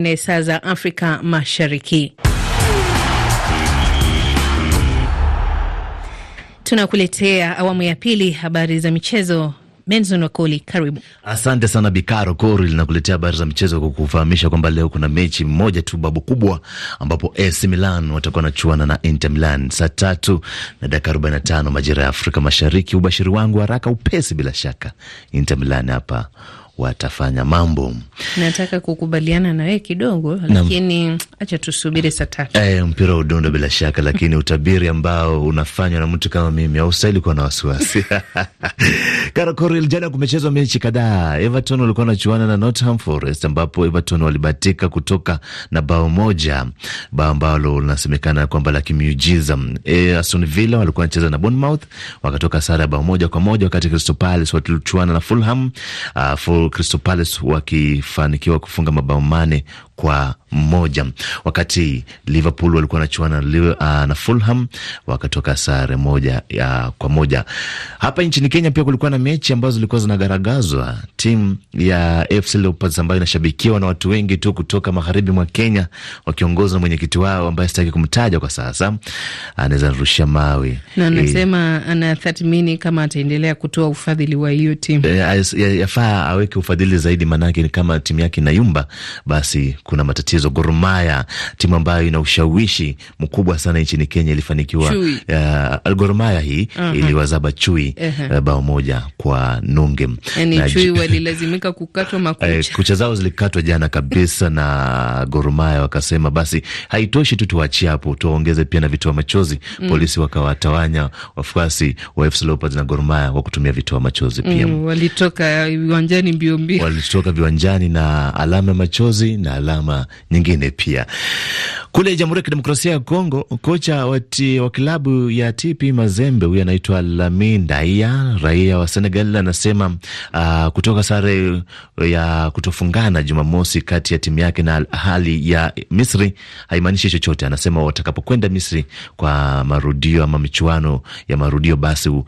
ne saa za Afrika Mashariki. Tunakuletea awamu ya pili, habari za michezo. Benson Wakoli, karibu. Asante sana Bikaro Kori, linakuletea habari za michezo kwa kufahamisha kwamba leo kuna mechi moja tu babu kubwa, ambapo AC Milan watakuwa wanachuana na Inter Milan saa tatu na dakika 45 majira ya Afrika Mashariki. Ubashiri wangu haraka upesi, bila shaka Inter Milan hapa watafanya mambo. Nataka kukubaliana na wewe kidogo, lakini acha tusubiri saa tatu. E, mpira wa udundo bila shaka, lakini utabiri ambao unafanywa na mtu kama mimi haustahili kuwa na wasiwasi Karakoril, jana kumechezwa mechi kadhaa. Everton walikuwa wanachuana na Nottingham Forest ambapo Everton walibatika kutoka na bao moja, bao ambalo linasemekana kwamba la kimiujiza. E, Aston Villa walikuwa wanacheza na Bournemouth wakatoka sare ya bao moja kwa moja, wakati Crystal Palace walichuana na Fulham, uh, Crystal Palace wakifanikiwa kufunga mabao mane kwa moja, wakati Liverpool walikuwa wanachuana uh, na Fulham wakatoka sare moja uh, kwa moja. Hapa nchini Kenya pia kulikuwa na mechi ambazo zilikuwa zinagaragazwa. Timu ya AFC Leopards ambayo inashabikiwa na watu wengi tu kutoka magharibi mwa Kenya wakiongozwa na mwenyekiti wao ambaye sitaki kumtaja kwa sasa, anaweza rushia mawe na eh, anasema e, anathathmini kama ataendelea kutoa ufadhili wa hiyo timu. E, yafaa aweke ufadhili zaidi, maanake kama timu yake inayumba basi kuna matatizo. Gor Mahia, timu ambayo ina ushawishi mkubwa sana nchini Kenya, ilifanikiwa uh, Gor Mahia hii uh -huh. iliwazaba chui uh -huh. bao moja kwa nunge, yani na chui walilazimika kukatwa makucha. Eh, kucha zao zilikatwa jana kabisa na Gor Mahia wakasema basi haitoshi tu, tuachie hapo, tuwaongeze pia na vitoa machozi mm. Polisi wakawatawanya wafuasi wa FC Leopards na Gor Mahia kwa kutumia vitoa machozi pia mm, walitoka viwanjani eh, mbio mbio, walitoka viwanjani na alama ya machozi na alama gharama nyingine pia. Kule Jamhuri ya Kidemokrasia ya Kongo, kocha wa klabu ya TP Mazembe huyu anaitwa Lamin Daia, raia wa Senegal, anasema uh, kutoka sare ya kutofungana Jumamosi kati ya timu yake na hali ya Misri haimaanishi chochote. Anasema watakapokwenda Misri kwa marudio ama michuano ya marudio, basi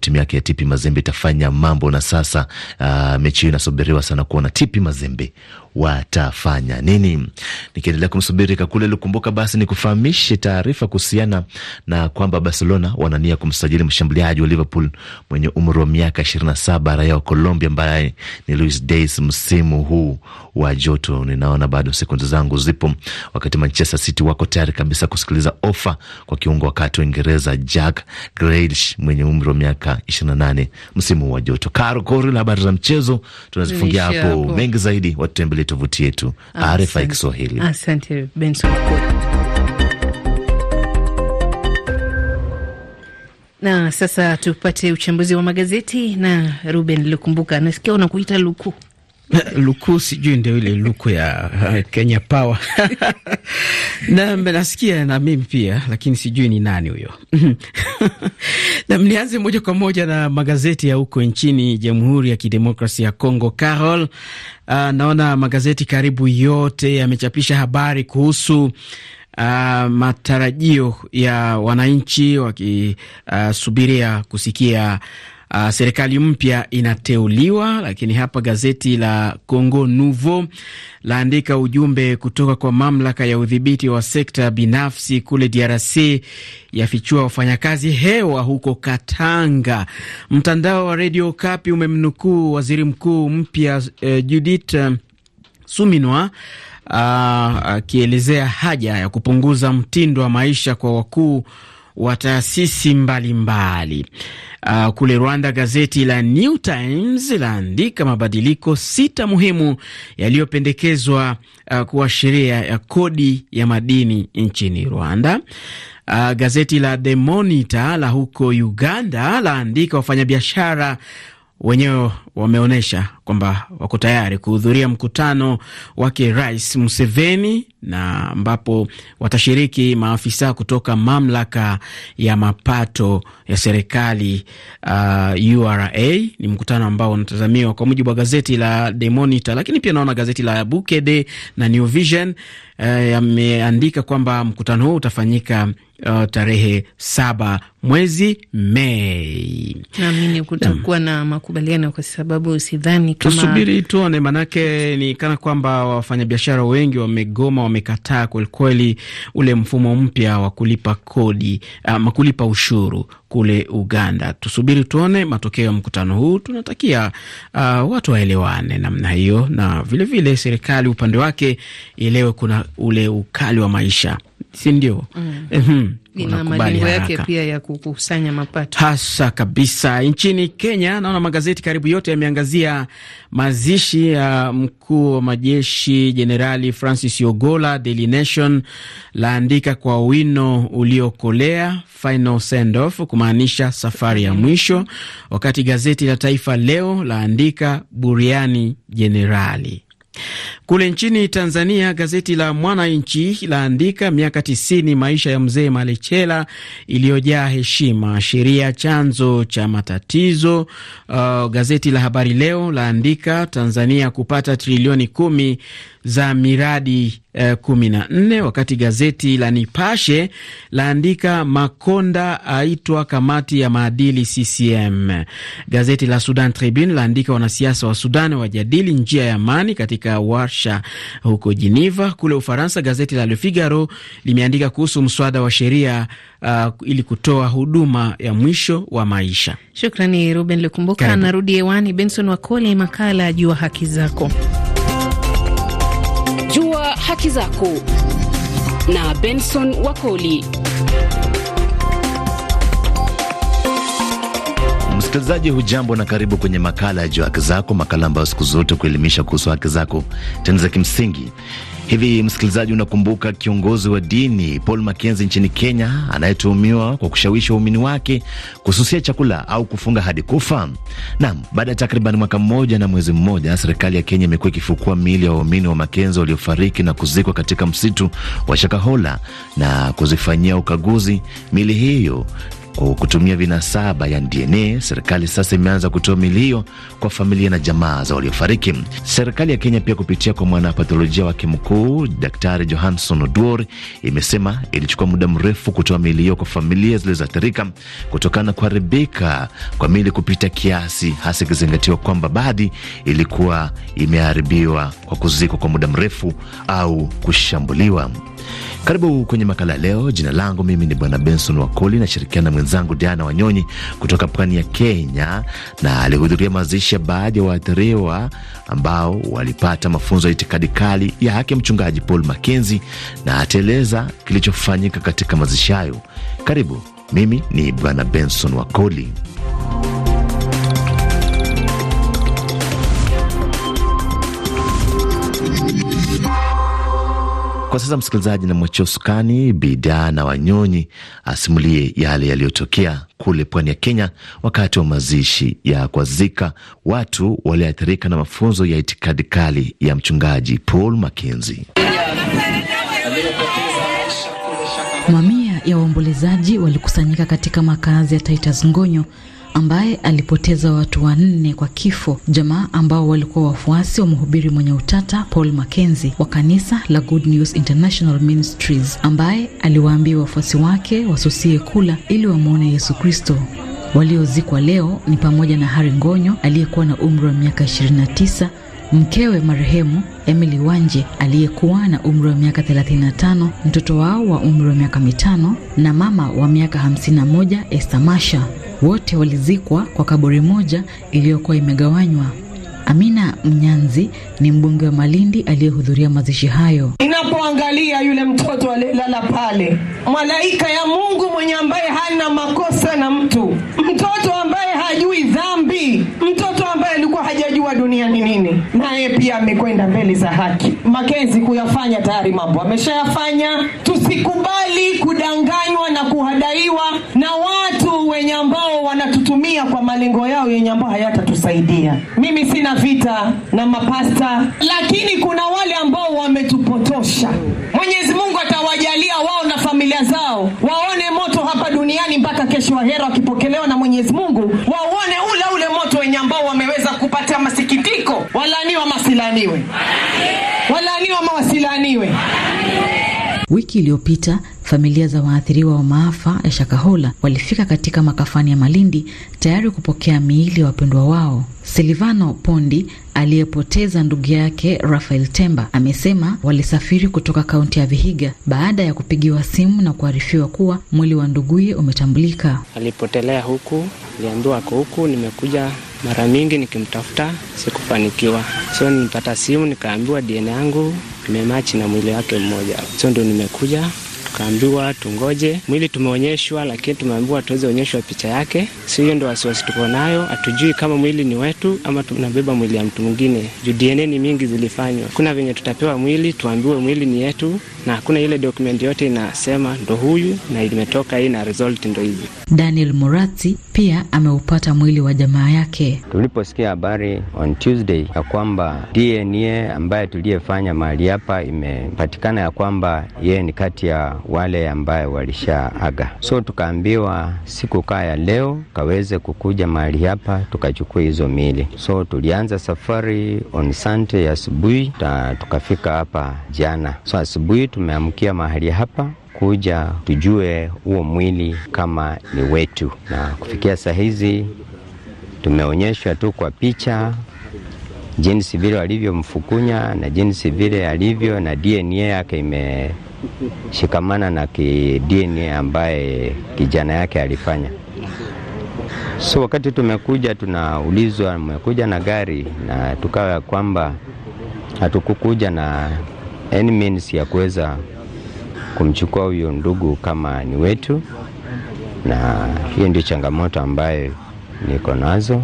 timu yake ya TP Mazembe itafanya mambo. Na sasa uh, mechi hiyo inasubiriwa sana kuona TP Mazembe watafanya nini? Nikiendelea kumsubiri Kakule Lukumbuka, basi ni kufahamishe taarifa kuhusiana na kwamba Barcelona wanania kumsajili mshambuliaji wa Liverpool mwenye umri wa miaka 27 raia wa Colombia ambaye ni Luis Diaz. Msimu huu wa joto, ninaona bado sekunde zangu zipo, wakati Manchester City wako tayari kabisa kusikiliza ofa kwa kiungo wakati Uingereza Jack Grealish mwenye umri wa miaka 28 msimu wa joto. Karo Kori, habari za mchezo tunazifungia hapo, mengi zaidi watutembele kule tovuti yetu ah, RFI Kiswahili. Asante Benson. Na sasa tupate uchambuzi wa magazeti na Ruben Lukumbuka. Nasikia unakuita Luku. Luku sijui ndio ile luku ya eh, Kenya Power na nasikia na mimi pia, lakini sijui ni nani huyo na mnianze moja kwa moja na magazeti ya huko nchini Jamhuri ya Kidemokrasia ya Kongo. Carol, uh, naona magazeti karibu yote yamechapisha habari kuhusu Uh, matarajio ya wananchi wakisubiria uh, kusikia Uh, serikali mpya inateuliwa, lakini hapa gazeti la Congo Nouveau laandika ujumbe kutoka kwa mamlaka ya udhibiti wa sekta binafsi kule DRC yafichua wafanyakazi hewa huko Katanga. Mtandao wa Radio Kapi umemnukuu waziri mkuu mpya eh, Judith eh, Suminwa ah, akielezea haja ya kupunguza mtindo wa maisha kwa wakuu wa taasisi mbalimbali. Uh, kule Rwanda gazeti la New Times laandika mabadiliko sita muhimu yaliyopendekezwa uh, kuwa sheria ya kodi ya madini nchini Rwanda. Uh, gazeti la The Monitor la huko Uganda laandika wafanyabiashara wenyewe wameonyesha kwamba wako tayari kuhudhuria mkutano wake Rais Museveni na ambapo watashiriki maafisa kutoka mamlaka ya mapato ya serikali uh, URA. Ni mkutano ambao unatazamiwa kwa mujibu wa gazeti la The Monitor, lakini pia naona gazeti la Bukede na New Vision uh, yameandika kwamba mkutano huu utafanyika uh, tarehe saba mwezi Mei. Naamini kutakuwa na makubaliano kwa sababu sidhani kama... tusubiri tuone, manake ni kana kwamba wafanyabiashara wengi wamegoma, wamekataa kwelikweli ule mfumo mpya wa kulipa kodi ama kulipa ushuru kule Uganda. Tusubiri tuone matokeo ya mkutano huu. Tunatakia uh, watu waelewane namna hiyo, na vilevile serikali upande wake ielewe kuna ule ukali wa maisha si mm. mm Ina malengo yake pia ya kukusanya mapato hasa kabisa. Nchini Kenya, naona magazeti karibu yote yameangazia mazishi ya mkuu wa majeshi Jenerali Francis Ogola. Daily Nation laandika kwa wino uliokolea final send off, kumaanisha safari ya mwisho, wakati gazeti la Taifa Leo laandika buriani jenerali kule nchini Tanzania, gazeti la Mwananchi laandika miaka tisini maisha ya mzee Malechela iliyojaa heshima, sheria chanzo cha matatizo. Uh, gazeti la Habari Leo laandika Tanzania kupata trilioni kumi za miradi Eh, kumi na nne, wakati gazeti la Nipashe laandika Makonda aitwa kamati ya maadili CCM. Gazeti la Sudan Tribune laandika wanasiasa wa Sudan wajadili njia ya amani katika warsha huko Geneva. Kule Ufaransa, gazeti la Le Figaro limeandika kuhusu mswada wa sheria uh, ili kutoa huduma ya mwisho wa maisha. Shukrani Ruben Lukumbuka. Narudi hewani Benson Wakole, makala juu haki zako haki zako na Benson Wakoli. Msikilizaji hujambo na karibu kwenye makala ya Jua Haki Zako, makala ambayo siku zote kuelimisha kuhusu haki zako tena za kimsingi. Hivi msikilizaji, unakumbuka kiongozi wa dini Paul makenzi nchini Kenya anayetuhumiwa kwa kushawishi waumini wake kususia chakula au kufunga hadi kufa? Naam, baada ya takriban mwaka mmoja na mwezi mmoja, serikali ya Kenya imekuwa ikifukua miili ya waumini wa makenzi waliofariki na kuzikwa katika msitu wa Shakahola na kuzifanyia ukaguzi miili hiyo kutumia vinasaba ya DNA, serikali sasa imeanza kutoa mili hiyo kwa familia na jamaa za waliofariki. Serikali ya Kenya pia kupitia kwa mwanapatholojia wake mkuu Daktari Johanson Oduor imesema ilichukua muda mrefu kutoa mili hiyo kwa familia zilizoathirika kutokana na kuharibika kwa mili kupita kiasi, hasa ikizingatiwa kwamba baadhi ilikuwa imeharibiwa kwa kuzikwa kwa muda mrefu au kushambuliwa. Karibu kwenye makala ya leo. Jina langu mimi ni Bwana Benson Wakoli, nashirikiana na mwenzangu Diana Wanyonyi kutoka pwani ya Kenya, na alihudhuria mazishi ya baadhi ya waathiriwa ambao walipata mafunzo ya itikadi kali ya haki, ya Mchungaji Paul Makenzi, na ataeleza kilichofanyika katika mazishi hayo. Karibu. Mimi ni Bwana Benson Wakoli. Kwa sasa msikilizaji, namwachia usukani bidhaa na Wanyonyi asimulie yale yaliyotokea kule pwani ya Kenya wakati wa mazishi ya kuwazika watu walioathirika na mafunzo ya itikadi kali ya mchungaji Paul makinzi Mamia ya waombolezaji walikusanyika katika makazi ya Titus Ngonyo ambaye alipoteza watu wanne kwa kifo, jamaa ambao walikuwa wafuasi wa mhubiri mwenye utata Paul Mackenzie wa kanisa la Good News International Ministries, ambaye aliwaambia wafuasi wake wasusie kula ili wamwone Yesu Kristo. Waliozikwa leo ni pamoja na Hari Ngonyo aliyekuwa na umri wa miaka 29, mkewe marehemu Emily Wanje aliyekuwa na umri wa miaka 35, mtoto wao wa umri wa miaka mitano na mama wa miaka 51 Esther Masha. Wote walizikwa kwa kaburi moja iliyokuwa imegawanywa. Amina Mnyanzi ni mbunge wa Malindi aliyehudhuria mazishi hayo. Ninapoangalia yule mtoto aliyelala pale, malaika ya Mungu mwenye ambaye hana makosa na mtu, mtoto ambaye hajui dhambi, mtoto ambaye alikuwa hajajua dunia ni nini, naye pia amekwenda mbele za haki. Makenzi kuyafanya tayari mambo ameshayafanya. Tusikubali kudanganywa na kuhadaiwa na watu wenye ambao wanatutumia kwa malengo yao yenye ambao hayatatusaidia. Mimi sina vita na mapasta, lakini kuna wale ambao wametupotosha. Mwenyezi Mungu atawajalia wao na familia zao waone moto hapa duniani mpaka kesho wahera wakipokelewa na Mwenyezi Mungu waone ule ule moto wenye ambao wameweza Walaniwa masilaniwe, walaniwa mawasilaniwe. Wiki iliyopita familia za waathiriwa wa maafa ya Shakahola walifika katika makafani ya Malindi tayari kupokea miili ya wapendwa wao. Silivano Pondi aliyepoteza ndugu yake Rafael Temba amesema walisafiri kutoka kaunti ya Vihiga baada ya kupigiwa simu na kuarifiwa kuwa mwili wa nduguye umetambulika. Alipotelea huku, aliambiwa ako huku, nimekuja mara mingi nikimtafuta sikufanikiwa, so nimepata simu nikaambiwa DNA yangu imemachi na mwili wake mmoja, so ndio nimekuja tukaambiwa tungoje mwili. Tumeonyeshwa, lakini tumeambiwa tuweze onyeshwa picha yake. Si hiyo ndo wasiwasi tuko nayo, hatujui kama mwili ni wetu ama tunabeba mwili ya mtu mwingine, juu DNA ni mingi zilifanywa. Kuna venye tutapewa mwili tuambiwe mwili ni yetu na hakuna ile dokumenti yote inasema ndo huyu na imetoka hii na result ndo hizi. Daniel Murati pia ameupata mwili wa jamaa yake. Tuliposikia habari on Tuesday ya kwamba DNA ambaye tuliyefanya mahali hapa imepatikana ya kwamba yeye ni kati ya wale ambaye walishaaga, so tukaambiwa siku kaa ya leo kaweze kukuja mahali hapa tukachukua hizo mili So tulianza safari on Sunday asubuhi na tukafika hapa jana, so asubuhi tumeamkia mahali hapa kuja tujue huo mwili kama ni wetu, na kufikia saa hizi tumeonyeshwa tu kwa picha jinsi vile walivyomfukunya na jinsi vile alivyo na DNA yake imeshikamana na ki DNA ambaye kijana yake alifanya. So wakati tumekuja tunaulizwa mmekuja na gari, na tukawa ya kwamba hatukukuja na any means ya kuweza kumchukua huyo ndugu kama ni wetu, na hiyo ndio changamoto ambayo niko nazo.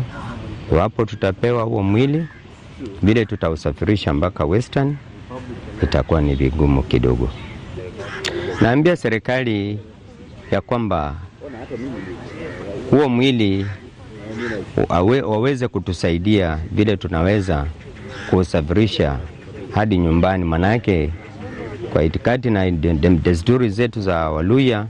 Iwapo tutapewa huo mwili, vile tutausafirisha mpaka Western itakuwa ni vigumu kidogo. Naambia serikali ya kwamba huo mwili waweze kutusaidia vile tunaweza kuusafirisha hadi nyumbani. Manake kwa itikadi na desturi zetu za Waluya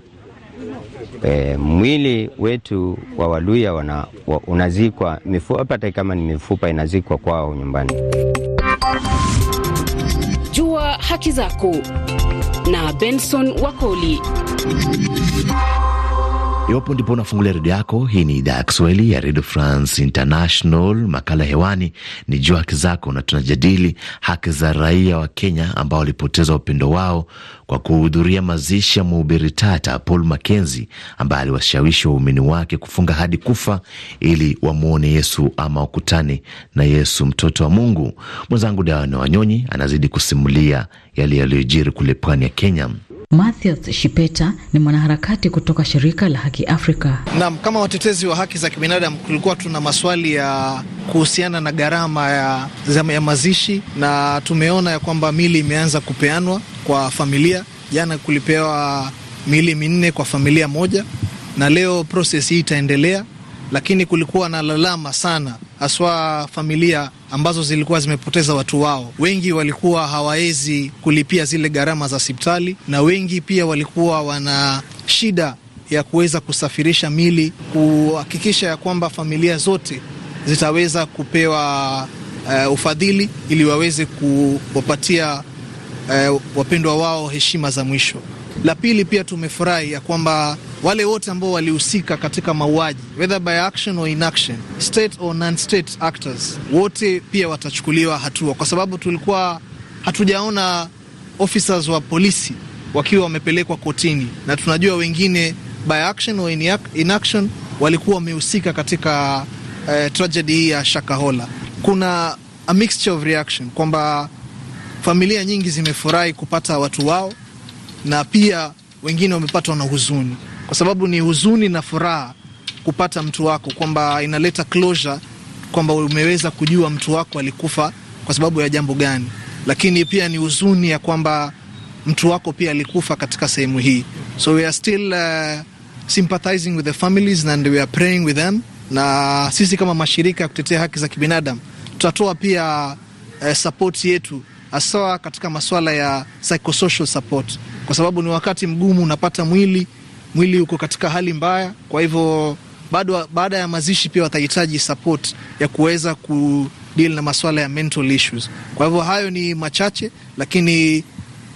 e, mwili wetu wa Waluya wana, wa, unazikwa mifupa, hata kama ni mifupa inazikwa kwao nyumbani. Jua haki zako na Benson Wakoli. Iwapo ndipo unafungulia redio yako, hii ni idhaa ya Kiswahili ya Redio France International. Makala hewani ni Jua Haki Zako, na tunajadili haki za raia wa Kenya ambao walipoteza upendo wao kwa kuhudhuria mazishi ya mhubiri tata Paul Makenzi ambaye aliwashawishi waumini wake kufunga hadi kufa ili wamwone Yesu ama wakutane na Yesu, mtoto wa Mungu. Mwenzangu Dawana Wanyonyi anazidi kusimulia yale yaliyojiri kule pwani ya Kenya. Mathias Shipeta ni mwanaharakati kutoka shirika la Haki Afrika. Naam, kama watetezi wa haki za kibinadamu tulikuwa tuna maswali ya kuhusiana na gharama ya, ya mazishi na tumeona ya kwamba mili imeanza kupeanwa kwa familia. Jana kulipewa mili minne kwa familia moja, na leo proses hii itaendelea lakini kulikuwa na lalama sana, haswa familia ambazo zilikuwa zimepoteza watu wao. Wengi walikuwa hawawezi kulipia zile gharama za hospitali, na wengi pia walikuwa wana shida ya kuweza kusafirisha mili, kuhakikisha ya kwamba familia zote zitaweza kupewa uh, ufadhili ili waweze kuwapatia uh, wapendwa wao heshima za mwisho. La pili pia tumefurahi ya kwamba wale wote ambao walihusika katika mauaji whether by action or inaction, state or non-state actors, wote pia watachukuliwa hatua, kwa sababu tulikuwa hatujaona officers wa polisi wakiwa wamepelekwa kotini, na tunajua wengine by action or inaction walikuwa wamehusika katika eh, tragedy hii ya Shakahola. Kuna a mixture of reaction kwamba familia nyingi zimefurahi kupata watu wao na pia wengine wamepatwa na huzuni, kwa sababu ni huzuni na furaha kupata mtu wako, kwamba inaleta closure kwamba umeweza kujua mtu wako alikufa kwa sababu ya jambo gani, lakini pia ni huzuni ya kwamba mtu wako pia alikufa katika sehemu hii. So we are still uh, sympathizing with the families and we are praying with them, na sisi kama mashirika ya kutetea haki za kibinadamu tutatoa pia uh, support yetu haswa katika masuala ya psychosocial support, kwa sababu ni wakati mgumu, unapata mwili mwili uko katika hali mbaya. Kwa hivyo bado baada ya mazishi pia watahitaji support ya kuweza kudeal na masuala ya mental issues. Kwa hivyo hayo ni machache, lakini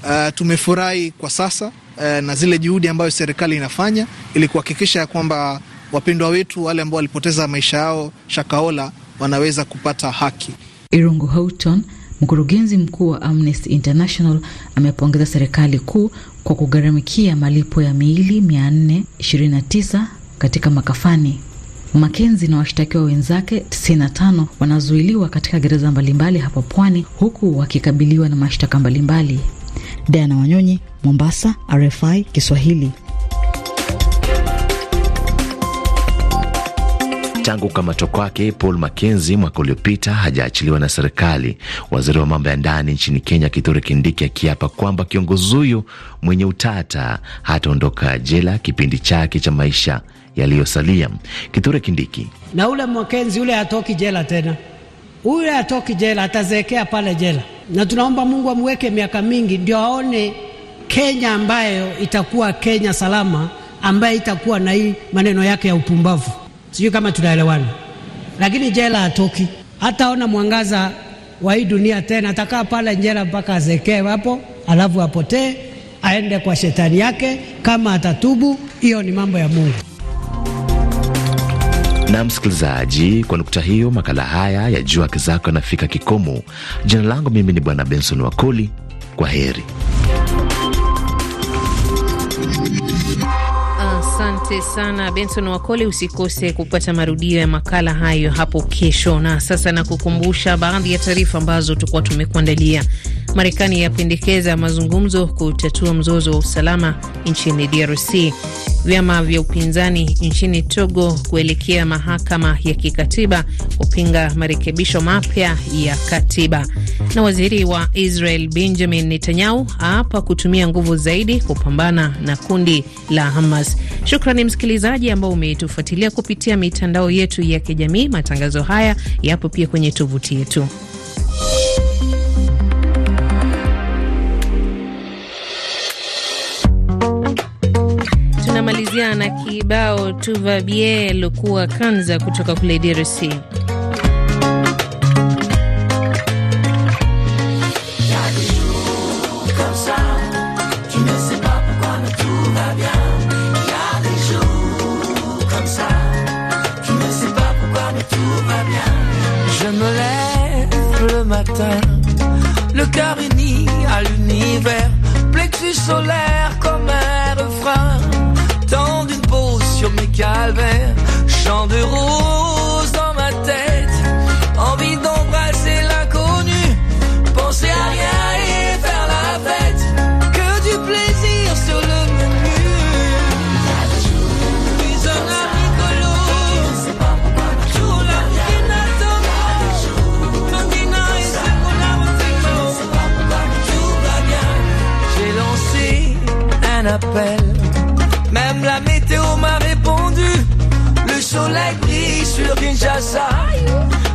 uh, tumefurahi kwa sasa uh, na zile juhudi ambayo serikali inafanya ili kuhakikisha kwamba wapendwa wetu wale ambao walipoteza maisha yao Shakaola wanaweza kupata haki. Irungu Houghton Mkurugenzi mkuu wa Amnesty International amepongeza serikali kuu kwa kugharamikia malipo ya miili 429 katika makafani. Makenzi na washtakiwa wenzake 95 wanazuiliwa katika gereza mbalimbali hapa pwani huku wakikabiliwa na mashtaka mbalimbali. Diana Wanyonyi, Mombasa, RFI Kiswahili. Tangu kukamatwa kwake Paul makenzi mwaka uliopita hajaachiliwa na serikali. Waziri wa mambo ya ndani nchini Kenya Kithure Kindiki akiapa kwamba kiongozi huyu mwenye utata hataondoka jela kipindi chake cha maisha yaliyosalia. Kithure Kindiki: na ule mwakenzi ule hatoki jela tena, ule hatoki jela, atazeekea pale jela, na tunaomba Mungu amweke miaka mingi ndio aone Kenya ambayo itakuwa Kenya salama, ambayo itakuwa na hii maneno yake ya upumbavu. Sijui kama tunaelewana, lakini jela hatoki, hataona mwangaza wa hii dunia tena. Atakaa pale jela mpaka azekee hapo, alafu apotee aende kwa shetani yake. Kama atatubu, hiyo ni mambo ya Mungu. Na msikilizaji, kwa nukta hiyo, makala haya ya Jua Haki Zako yanafika kikomo. Jina langu mimi ni Bwana Benson Wakoli. Kwa heri. Asante sana Benson Wakole, Usikose kupata marudio ya makala hayo hapo kesho. Na sasa nakukumbusha baadhi ya taarifa ambazo tukuwa tumekuandalia. Marekani yapendekeza mazungumzo kutatua mzozo wa usalama nchini DRC. Vyama vya upinzani nchini Togo kuelekea mahakama ya kikatiba kupinga marekebisho mapya ya katiba. Na waziri wa Israel Benjamin Netanyahu aapa kutumia nguvu zaidi kupambana na kundi la Hamas. Shukrani msikilizaji ambao umetufuatilia kupitia mitandao yetu ya kijamii. Matangazo haya yapo pia kwenye tovuti yetu. Tout va bien, le coup à Kanza, tu as voulu dire aussi. Il y a des jours comme ça, tu ne sais pas pourquoi, mais tout va bien. Il y a des jours comme ça, tu ne sais pas pourquoi, mais tout va bien. Je me lève le matin, le cœur uni à l'univers, plexus solaire. d'euros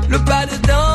Le pas dedans.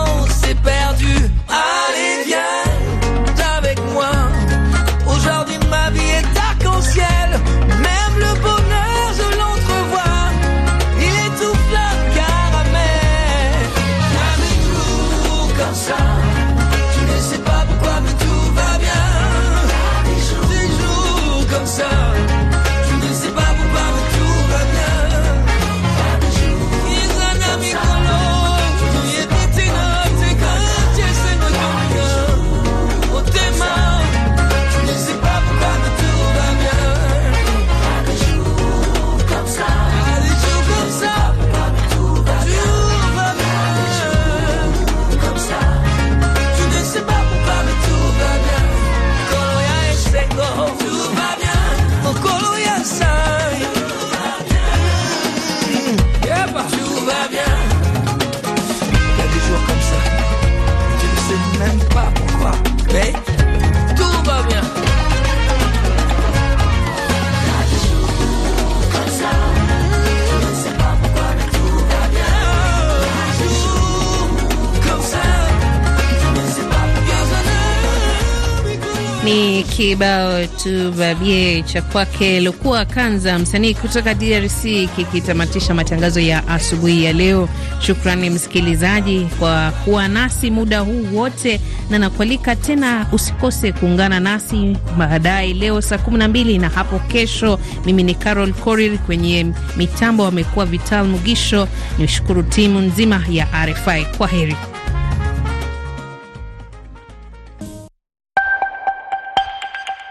ni kibao tu babie cha kwake Lukua Kanza, msanii kutoka DRC, kikitamatisha matangazo ya asubuhi ya leo. Shukrani msikilizaji kwa kuwa nasi muda huu wote, na nakualika tena usikose kuungana nasi baadaye leo saa 12 na hapo kesho. Mimi ni Carol Korir, kwenye mitambo wamekuwa Vital Mugisho. Ni shukuru timu nzima ya RFI. Kwa heri.